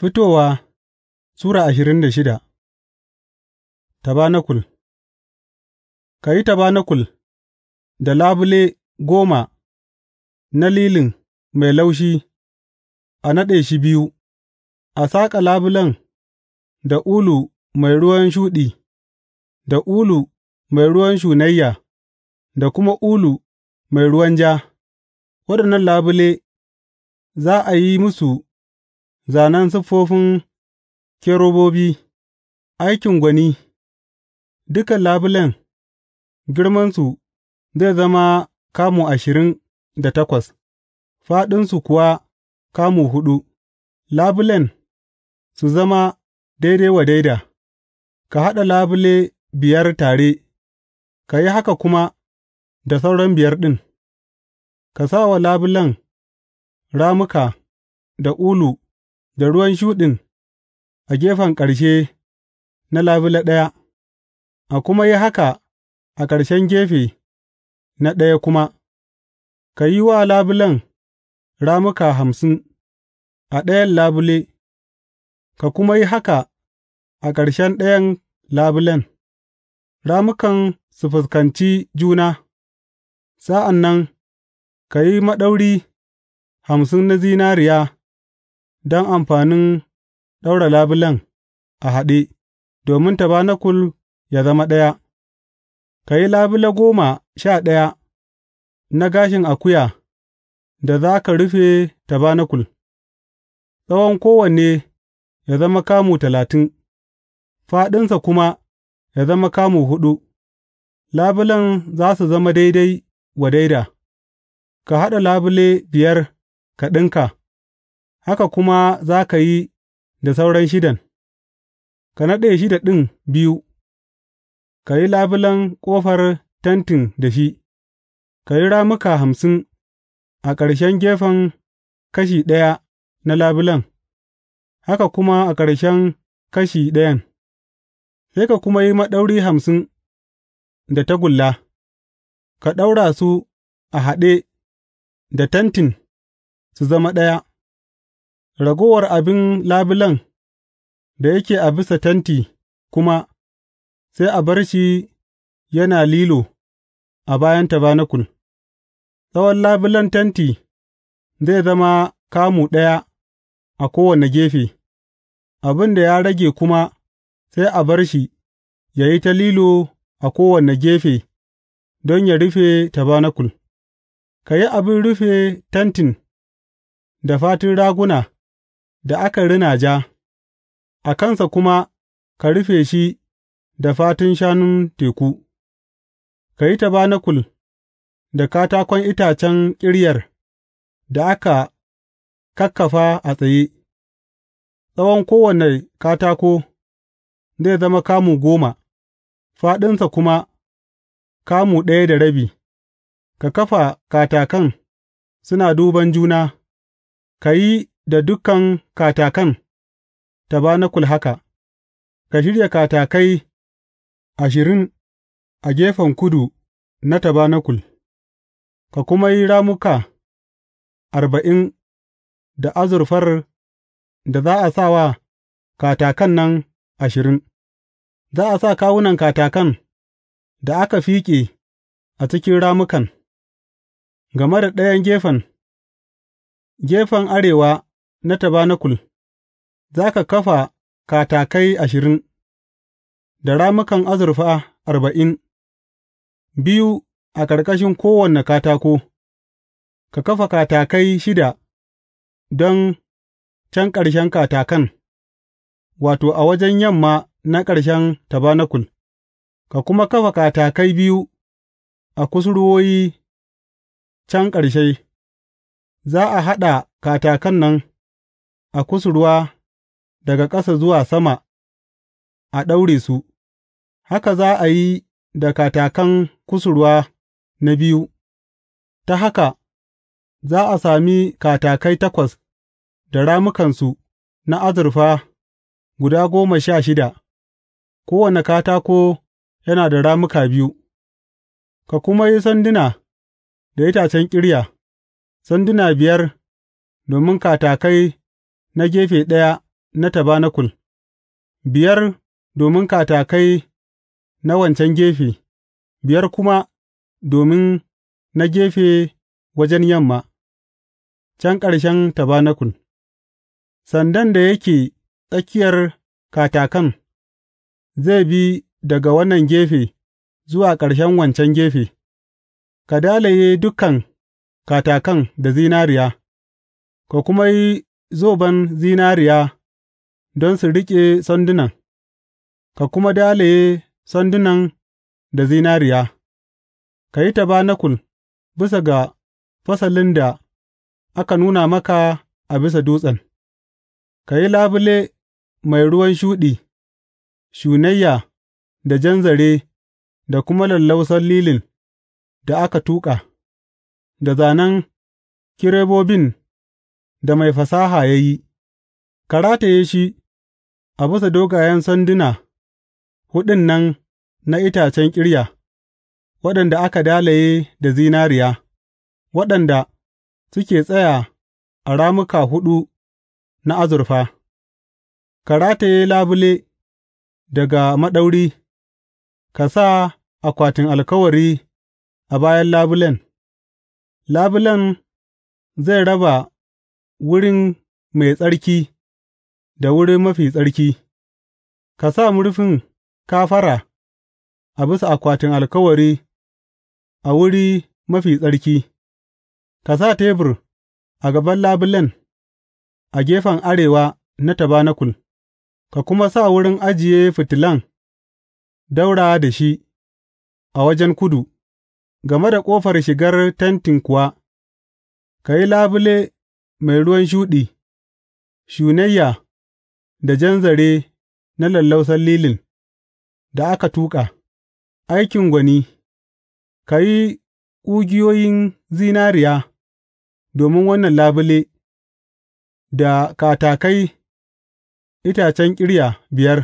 Fitowa Sura ashirin da shida Tabanakul Ka yi tabanakul da labule goma na lilin mai laushi a naɗe shi biyu, a saƙa labulen da ulu mai ruwan shuɗi, da ulu mai ruwan shunayya, da kuma ulu mai ruwan ja, waɗannan labule za a yi musu Zānen siffofin kerubobi, aikin gwani, dukan labulen, girmansu zai zama kamu ashirin da takwas, fāɗinsu kuwa kamu huɗu, labulen su zama daidai wa daida, ka haɗa labule biyar tare, ka yi haka kuma da sauran biyar ɗin, ka sa wa labulen ramuka da ulu. da ruwan shuɗin a gefen ƙarshe na labule ɗaya, a kuma yi haka a ƙarshen gefe na ɗaya kuma, ka yi wa labulen ramuka hamsin a ɗayan labule, ka kuma yi haka a ƙarshen ɗayan labulen, Ramukan su fuskanci juna, sa'an nan ka yi maɗauri hamsin na zinariya. don amfanin ɗaura labulen a haɗe, domin tabanakul ya zama ɗaya, ka yi labule goma sha ɗaya na gashin akuya da za ka rufe tabanakul, tsawon kowanne ya zama kamu talatin, fāɗinsa kuma ya zama kamu huɗu, labulen za su zama daidai wa daida, ka haɗa labule biyar ka ɗinka. haka kuma za ka yi da sauran shidan, ka naɗe shida ɗin biyu, ka yi labulen ƙofar tentin da shi, ka yi ramuka hamsin a ƙarshen gefen kashi ɗaya na labulen, haka kuma a ƙarshen kashi ɗayan, sai ka kuma yi maɗauri hamsin da tagulla, ka ɗaura su a haɗe da tentin su zama ɗaya. Ragowar abin labulen da yake a bisa tenti kuma sai a bar shi yana lilo a bayan tabanakul, tsawon labulen tenti zai zama kamu ɗaya a kowane gefe, abin da ya rage kuma sai a bar shi ya yi ta lilo a kowane gefe don ya rufe tabanakul, ka yi abin rufe tentin da fatun raguna. da aka rina ja, a kansa kuma ka rufe shi da fatun shanun teku, ka yi tabanakul da katakon itacen ƙiryar da aka kakkafa a tsaye, tsawon kowane katako zai zama kamu goma, fāɗinsa kuma kamu ɗaya da rabi, ka kafa katakan suna duban juna, ka yi da dukan katakan tabanakul haka, ka shirya katakai ashirin a gefen kudu na tabanakul, ka kuma yi ramuka arba'in da azurfar da za a sa wa katakan nan ashirin, za a sa kawunan katakan da aka fiƙe a cikin ramukan. game da ɗayan gefen, gefen arewa. na tabanakul, za ka kafa katakai ashirin, da ramukan azurfa arba'in, biyu a ƙarƙashin kowane katako, ka kafa katakai shida don can ƙarshen katakan, wato, a wajen yamma na ƙarshen tabanakul, ka kuma kafa katakai biyu a kusurwoyi can ƙarshe, za a haɗa katakan nan. a kusurwa daga ƙasa zuwa sama a ɗaure su, haka za a yi da katakan kusurwa na biyu, ta haka za a sami katakai takwas da rammukansu na azurfa guda goma sha shida, kowane katako yana da ramuka biyu, ka kuma yi sanduna da itacen ƙirya, sanduna biyar domin katakai na gefe ɗaya na tabanakul, biyar domin katakai na wancan gefe, biyar kuma domin na gefe wajen yamma, can ƙarshen tabanakul, sandan da yake tsakiyar katakan zai bi daga wannan gefe zuwa ƙarshen wancan gefe, ka dalaye dukan katakan da zinariya, ka kuma yi zoban zinariya don su riƙe sandunan, ka kuma dalaye sandunan da zinariya, ka yi tabanakul bisa ga fasalin da aka nuna maka a bisa dutsen, ka yi labule mai ruwan shuɗi, shunayya da jan zare da kuma lallausan lilin da aka tuƙa, da zānen kerubobin da mai fasaha ya yi, ka rataye shi a bisa dogayen sanduna huɗun nan na itacen ƙirya, waɗanda aka dalaye da zinariya, waɗanda suke tsaya a ramuka huɗu na azurfa, ka rataye labule daga maɗauri, ka sa akwatin alkawari a bayan labulen, labulen zai raba wurin mai tsarki da wurin mafi tsarki, ka sa murfin kafara a bisa akwatin alkawari a Wuri Mafi Tsarki, ka sa tebur a gaban labulen a gefen arewa na tabanakul, ka kuma sa wurin ajiye fitilan daura da shi a wajen kudu, game da ƙofar shigar tentin kuwa, ka yi labule mai ruwan shuɗi, shunayya da jan zare na lallausan lilin da aka tuƙa, aikin gwani, ka yi ƙugiyoyin zinariya domin wannan labule, da katakai itacen ƙirya biyar,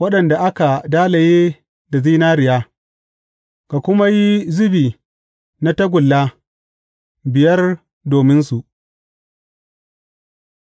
waɗanda aka dalaye da zinariya, ka kuma yi zubi na tagulla biyar dominsu.